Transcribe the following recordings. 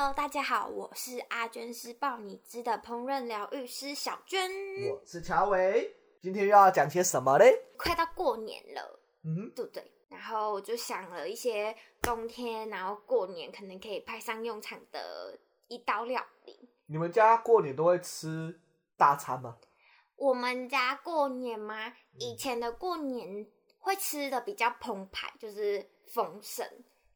Hello, 大家好，我是阿涓師報你知的烹飪療癒師小娟，我是喬維，今天又要講些什麼呢？ 快到過年了，嗯哼，對不對？然後我就想了一些冬天，然後過年可能可以派上用場的一道料理。你們家過年都會吃大餐嗎？我們家過年嘛，嗯、以前的過年會吃的比較澎湃，就是豐盛。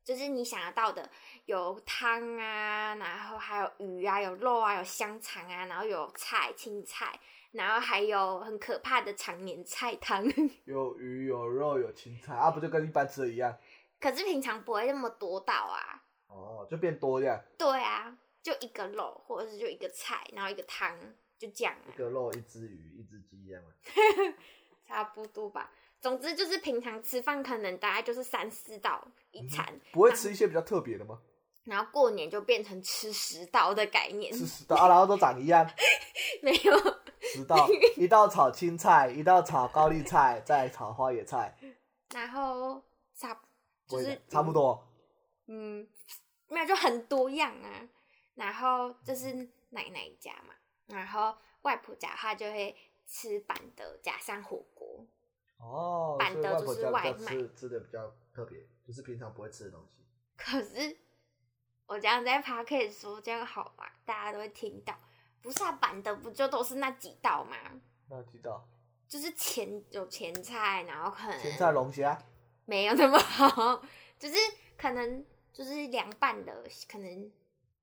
就是你想得到的，有湯啊，然後還有魚啊，有肉啊，有香腸啊，然後有菜、青菜，然後還有很可怕的長年菜湯。有魚有肉有青菜啊，不就跟一般吃的一樣？可是平常不會那麼多道啊。哦，就變多量。對啊，就一個肉，或者是就一個菜，然後一個湯，就這樣、啊。一個肉，一隻魚，一隻雞、啊，這樣 差不多吧。總之就是平常吃飯可能大概就是三四道一餐，嗯、不會吃一些比較特別的嗎？然後過年就變成吃十道的概念，吃十道 啊，然後都長一樣？沒有，十道， 一道炒青菜，一道炒高麗菜， 再炒花椰菜，然後差就是差不多，嗯，那就很多樣啊。然後這是奶奶家嘛，然後外婆家的話就會吃板的加香菇。哦，所以外賣比較吃、哦、比較吃的比較特別，就是平常不會吃的東西。可是我這樣在 podcast 說這樣好吧，大家都會聽到，不是啊？版的不就都是那幾道嗎？那幾道就是前有前菜，然後可能前菜龍蝦沒有那麼好，就是可能就是涼拌的，可能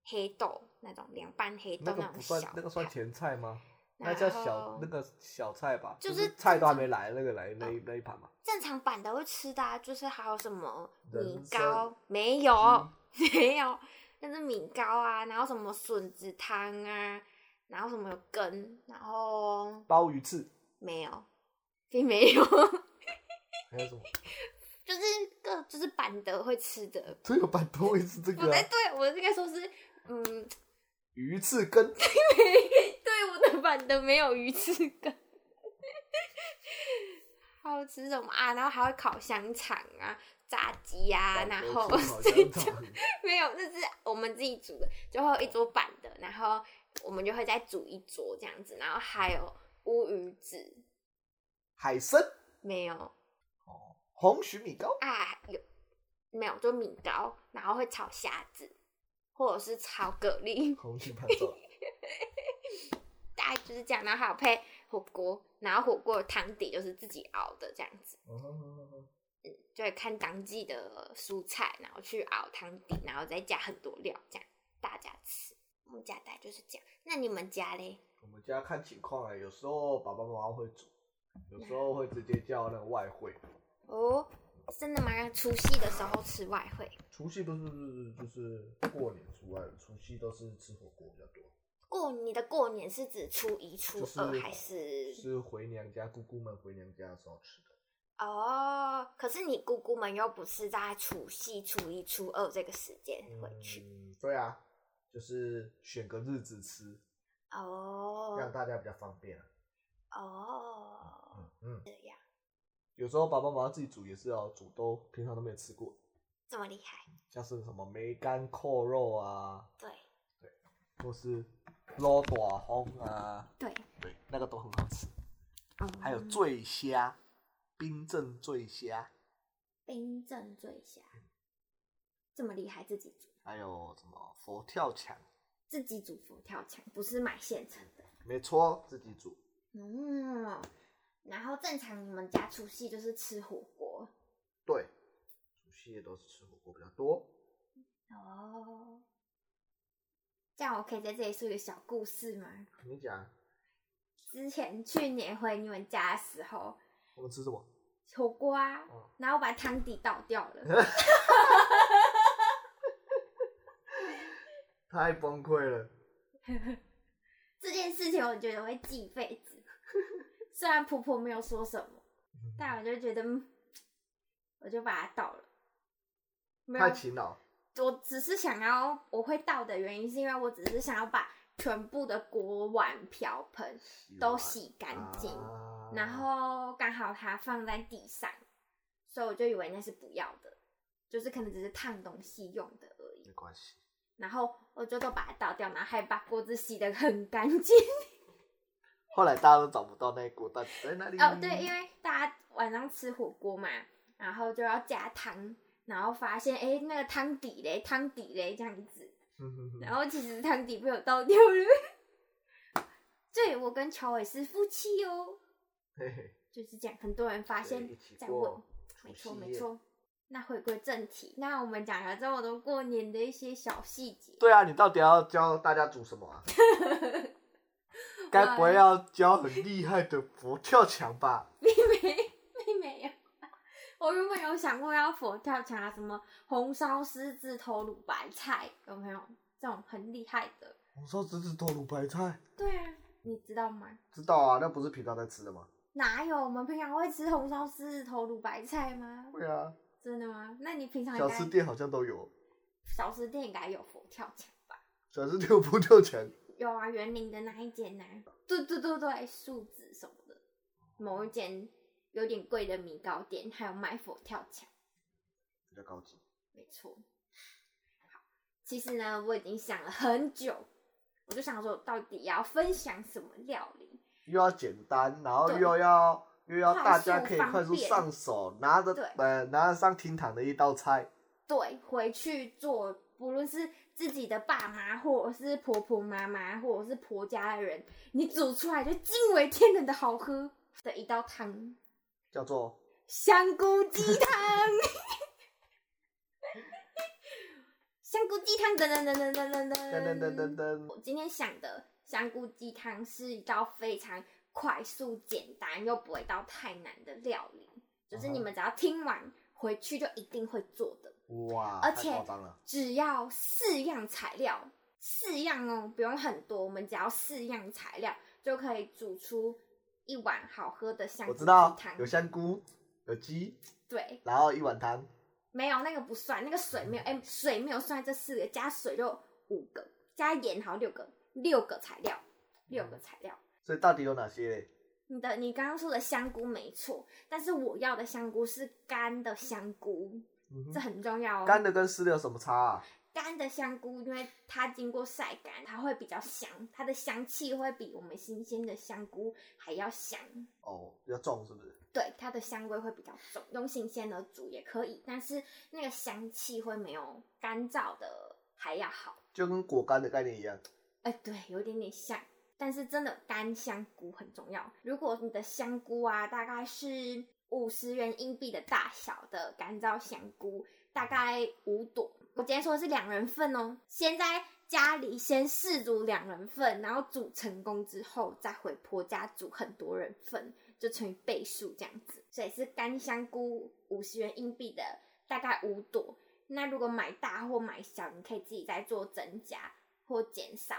黑豆那種涼拌黑豆那種小，那個不算那個算前菜嗎？那叫小那個小菜吧，就是，就是菜都還沒來那個來那、啊、那一盤嘛。正常版的會吃的、啊，就是還有什麼米糕，生沒有心沒有，但是米糕啊，然後什麼筍子湯啊，然後什麼有羹，然後鮑魚翅，沒有並沒有。 還有什麼？就是各就是板的會吃的，都有板的會吃這個、啊。哎，對我應該說是嗯，魚翅羹。 飯都 沒有魚翅羹， 好吃什麼啊？然後還會烤香腸啊，炸雞啊，然後沒有，那是我們自己煮的，就會有一桌板的，然後我們就會再煮一桌這樣子，然後還有烏魚子、海參參，沒有、哦、紅蟳米糕啊，有沒有？就米糕，然後會炒蝦子，或者是炒蛤蜊，紅蟳米糕。 就是這樣，然後還有配火鍋，然後火鍋湯底就是自己熬的這樣子。Oh, oh, oh, oh. 嗯，就會看當季的蔬菜，然後去熬湯底，然後再加很多料，這樣大家吃。我們家大概就是這樣。那你們家呢？我們家看情況，有時候爸爸媽媽會煮，有時候會直接叫那個外燴哦，oh, 真的嗎？除夕的時候吃外燴？除夕都是，是就是過年除外，除夕都是吃火鍋比較多。過你的過年是指初一、初二還是、就是？是回娘家，姑姑們回娘家的時候吃的。哦，可是你姑姑們又不是在除夕、初一、初二這個時間回去。嗯，對啊，就是選個日子吃。哦。讓大家比較方便。哦。嗯嗯。這、嗯、樣、嗯。有時候爸爸媽媽自己煮也是要煮都，都平常都沒有吃過。這麼厲害。像是什麼梅乾扣肉啊。對。對。或是。羅大洪啊，對對，那個都很好吃。嗯、還有醉蝦，冰鎮醉蝦。冰鎮醉蝦這麼厲害，自己煮。還有什麼佛跳牆？自己煮佛跳牆，不是買現成的。嗯、沒錯，自己煮。嗯，然後正常你們家除夕就是吃火鍋。對，除夕也都是吃火鍋比較多。哦。像我可以在這裡說一個小故事嗎？你講講。之前去年回你們家的時候，我們吃什麼？火鍋。哦、然後我把湯底倒掉了。 太崩潰了。 這件事情我覺得我會記一輩子。 雖然婆婆沒有說什麼，但我就覺得，我就把它倒了。太勤勞了。我只是想要我會倒的原因，是因為我只是想要把全部的鍋碗瓢盆都洗乾淨，啊、然後剛好它放在地上，所以我就以為那是不要的，就是可能只是燙東西用的而已。沒關係。然後我就都把它倒掉，然後還把鍋子洗得很乾淨。 後來大家都找不到那鍋，到底在哪裡？哦，oh, 對，因為大家晚上吃火鍋嘛，然後就要加湯。然後發現，哎，那個湯底嘞？湯底嘞？這樣子。嗯、哼哼然後其實湯底被我倒掉了。 對，我跟喬偉是夫妻哦。嘿嘿就是這樣，很多人發現，再問，沒錯沒錯。那回歸正題，那我們講了這麼多過年的一些小細節。對啊，你到底要教大家煮什麼啊？ 完該不會要教很厲害的佛跳牆吧？ 我有沒有想過要佛跳墻啊？什麼紅燒獅子頭滷白菜有沒有？這種很厲害的。紅燒獅子頭滷白菜。對啊，你知道嗎？知道啊，那不是平常在吃的嗎？哪有我們平常會吃紅燒獅子頭滷白菜嗎？會啊。真的嗎？那你平常小吃店好像都有。小吃店應該有佛跳墻吧？小吃店有佛跳墻。有啊，園林的那一間呢、啊？對對對對，樹子什麼的，某一間。有點貴的米糕點，還有賣佛跳牆，比較高級。沒錯。好，其實呢，我已經想了很久，我就想說，到底要分享什麼料理？又要簡單，然後又要對又要大家可以快速方便，可以快速上手，拿着對呃，拿着上廳堂的一道菜。對，回去做，不論是自己的爸媽，或者是婆婆媽媽，或者是婆家的人，你煮出來就驚為天人的好喝的一道湯。叫做香菇雞湯，香菇雞湯噔噔噔噔噔噔噔，我今天想的香菇雞湯是一道非常快速、簡單又不會到太難的料理，就是你們只要聽完回去就一定會做的。哇！而且只要四樣材料，四樣哦，不用很多，我們只要四樣材料就可以煮出。一碗好喝的香菇，我知道有香菇，有雞，對，然後一碗湯，沒有那個不算，那個水沒有，哎、嗯欸，水沒有算這四個，加水就五個，加鹽好六個，六個材料，六個材料，嗯、所以到底有哪些你？你的你剛剛說的香菇沒錯，但是我要的香菇是乾的香菇，嗯、哼這很重要哦。乾的跟濕的有什麼差啊？乾的香菇，因為它經過曬乾，它會比較香，它的香氣會比我們新鮮的香菇還要香。哦，比較重是不是？對，它的香味會比較重。用新鮮的煮也可以，但是那個香氣會沒有乾燥的還要好。就跟果乾的概念一樣。誒，對，有點點像，但是真的乾香菇很重要。如果你的香菇啊，大概是五十元硬幣的大小的乾燥香菇，大概五朵。我今天說的是兩人份哦，先在家裡先試煮兩人份，然後煮成功之後再回婆家煮很多人份，就乘以倍數這樣子。所以是乾香菇五十元硬幣的大概五朵，那如果買大或買小，你可以自己再做增加或減少。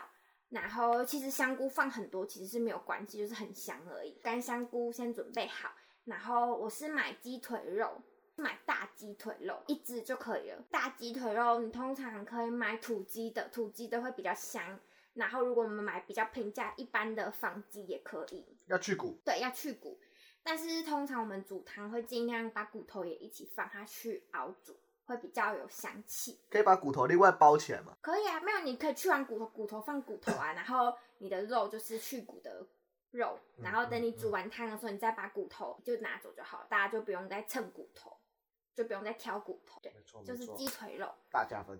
然後其實香菇放很多其實是沒有關係，就是很香而已。乾香菇先準備好，然後我是買雞腿肉。買大雞腿肉一隻就可以了。大雞腿肉，你通常可以買土雞的，土雞的會比較香。然後，如果我們買比較平價一般的仿雞也可以。要去骨？對，要去骨。但是通常我們煮湯會盡量把骨頭也一起放下去熬煮會比較有香氣。可以把骨頭另外包起來嗎？可以啊，沒有你可以去完骨頭，骨頭放骨頭啊， 然後你的肉就是去骨的肉，嗯嗯嗯。然後等你煮完湯的時候，你再把骨頭就拿走就好了，大家就不用再蹭骨頭。就不用再挑骨頭，對，沒錯，沒錯，就是雞腿肉大加分，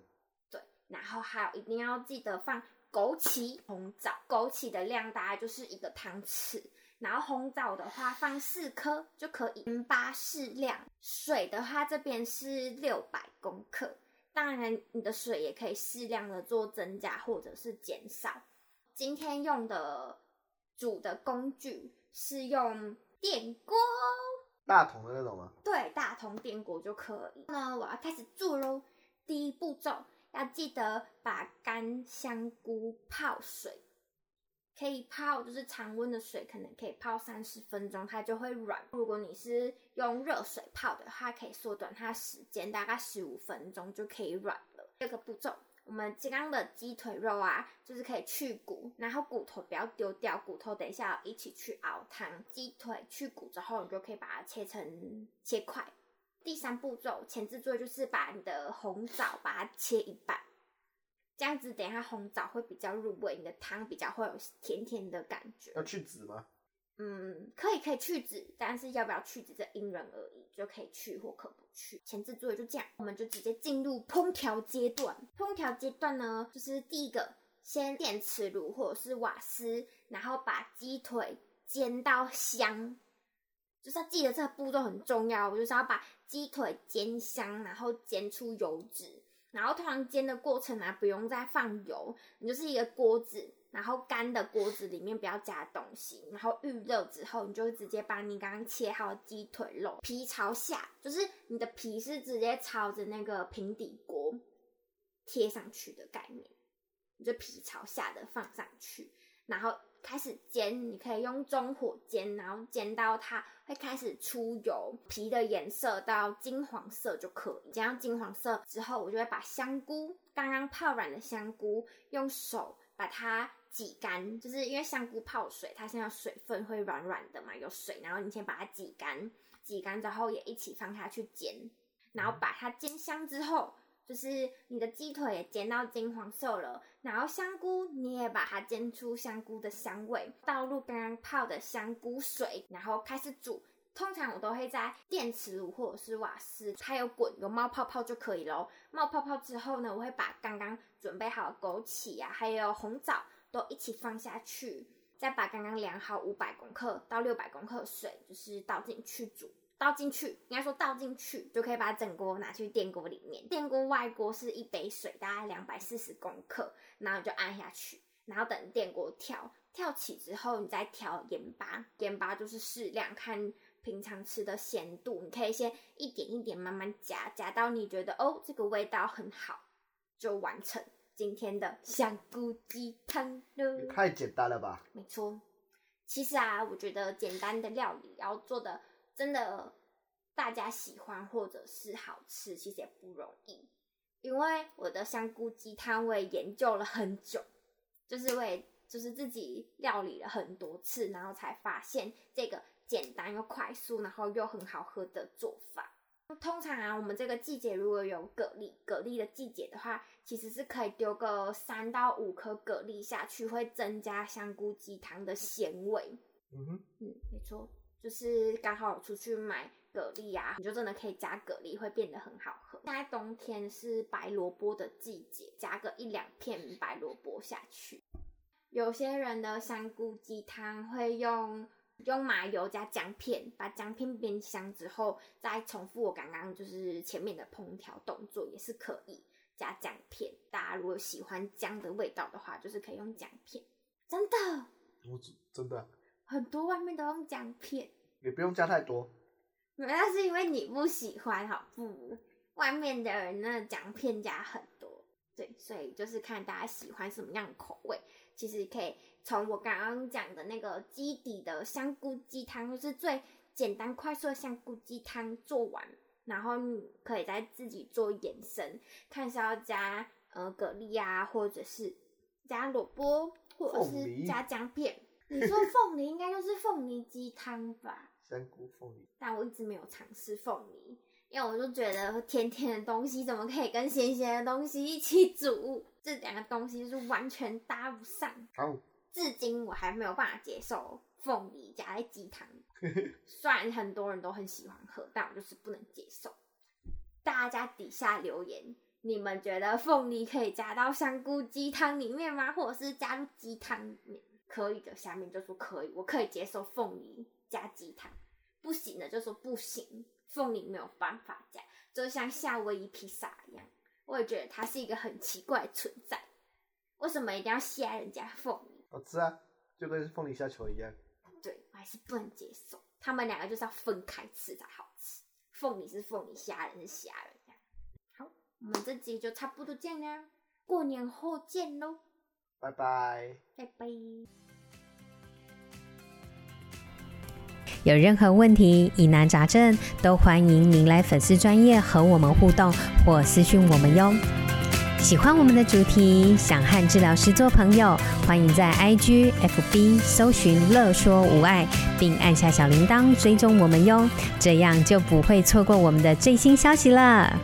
對，然後還有一定要記得放枸杞、紅棗，枸杞的量大概就是一個湯匙，然後紅棗的話放四顆就可以，鹽巴適量，水的話這邊是六百公克，當然你的水也可以適量的做增加或者是減少。今天用的煮的工具是用電鍋。大同的那種嗎？對，大同電鍋就可以。那我要開始做囉。第一步驟要記得把乾香菇泡水，可以泡就是常溫的水，可能可以泡三十分鐘，它就會軟。如果你是用熱水泡的話，可以縮短它時間，大概十五分鐘就可以軟了。第二個步驟。我們剛剛的雞腿肉啊，就是可以去骨，然後骨頭不要丟掉，骨頭等一下要一起去熬湯。雞腿去骨之後，你就可以把它切成切塊。第三步驟，前置作業，就是把你的紅棗把它切一半，這樣子等一下紅棗會比較入味，你的湯比較會有甜甜的感覺。要去籽嗎？嗯，可以可以去籽，但是要不要去籽，這因人而異，就可以去或可不去。前置作業就這樣，我們就直接進入烹調階段。烹調階段呢，就是第一個先電磁爐或者是瓦斯，然後把雞腿煎到香，就是要記得這個步驟很重要，我就是要把雞腿煎香，然後煎出油脂，然後通常煎的過程呢、啊，不用再放油，你就是一個鍋子。然後乾的鍋子裡面不要加東西，然後預熱之後，你就直接把你剛剛切好雞腿肉皮朝下，就是你的皮是直接朝着那個平底鍋貼上去的概念，你就皮朝下的放上去，然後開始煎，你可以用中火煎，然後煎到它會開始出油，皮的顏色到金黃色就可以。煎到金黃色之後，我就會把香菇剛剛泡軟的香菇，用手把它。擠乾，就是因為香菇泡水，它現在水分會軟軟的嘛，有水，然後你先把它擠乾，擠乾之後也一起放下去煎，然後把它煎香之後，就是你的雞腿也煎到金黃色了，然後香菇你也把它煎出香菇的香味，倒入剛剛泡的香菇水，然後開始煮。通常我都會在電磁爐或者是瓦斯，它有滾有冒泡泡就可以咯。冒泡泡之後呢，我會把剛剛準備好的枸杞啊，還有紅棗。都一起放下去，再把剛剛量好五百公克到六百公克水，就是倒進去煮，倒進去，應該說倒進去就可以把整鍋拿去電鍋裡面。電鍋外鍋是一杯水，大概兩百四十公克，然後你就按下去，然後等電鍋跳跳起之後，你再調鹽巴，鹽巴就是適量，看平常吃的鹹度，你可以先一點一點慢慢加，加到你覺得哦這個味道很好，就完成。今天的香菇雞湯呢？也太簡單了吧！沒錯，其實啊，我覺得簡單的料理要做的真的大家喜歡或者是好吃，其實也不容易。因為我的香菇雞湯，我也研究了很久，就是我也就是自己料理了很多次，然後才發現這個簡單又快速，然後又很好喝的做法。通常啊，我們這個季節如果有蛤蜊，蛤蜊的季節的話，其實是可以丟個三到五顆蛤蜊下去，會增加香菇雞湯的鮮味。嗯哼，嗯，沒錯，就是剛好出去買蛤蜊呀、啊，你就真的可以加蛤蜊，會變得很好喝。現在冬天是白蘿蔔的季節，加個一兩片白蘿蔔下去。有些人的香菇雞湯會用。用麻油加薑片，把薑片煸香之後，再重複我剛剛就是前面的烹調動作，也是可以加薑片。大家如果喜歡薑的味道的話，就是可以用薑片，真的。我只真的很多外面都用薑片，也不用加太多。原來是因為你不喜歡，好不？外面的人呢，薑片加很多。對，所以就是看大家喜歡什麼樣的口味。其實可以從我剛剛講的那個基底的香菇雞湯，就是最簡單快速的香菇雞湯做完，然後你可以再自己做延伸，看一下要加呃蛤蜊啊，或，或者是加蘿蔔，或者是加薑片。你說鳳梨應該就是鳳梨雞湯吧？香菇鳳梨，但我一直沒有嘗試鳳梨。因為我就覺得甜甜的東西怎麼可以跟鹹鹹的東西一起煮？這兩個東西是完全搭不上。好，至今我還沒有辦法接受鳳梨加在雞湯 雖然很多人都很喜歡喝，但我就是不能接受。大家底下留言，你們覺得鳳梨可以加到香菇雞湯裡面嗎？或者是加入雞湯？可以的，下面就說可以，我可以接受鳳梨加雞湯；不行的就說不行。鳳梨沒有辦法加，就像夏威夷披薩一樣，我也覺得它是一個很奇怪的存在。為什麼一定要蝦人家鳳梨？好吃啊，就跟鳳梨蝦球一樣。對，我還是不能接受，他們兩個就是要分開吃才好吃。鳳梨是鳳梨，蝦仁是蝦仁。好，我們這集就差不多這樣啦。過年後見嘍，拜拜，拜拜。有任何問題、疑難雜症，都歡迎您來粉絲專業和我們互動或私訊我們喲。喜歡我們的主題，想和治療師做朋友，歡迎在 IG、FB 搜尋“樂說無礙”，並按下小鈴鐺追蹤我們喲，這樣就不會錯過我們的最新消息了。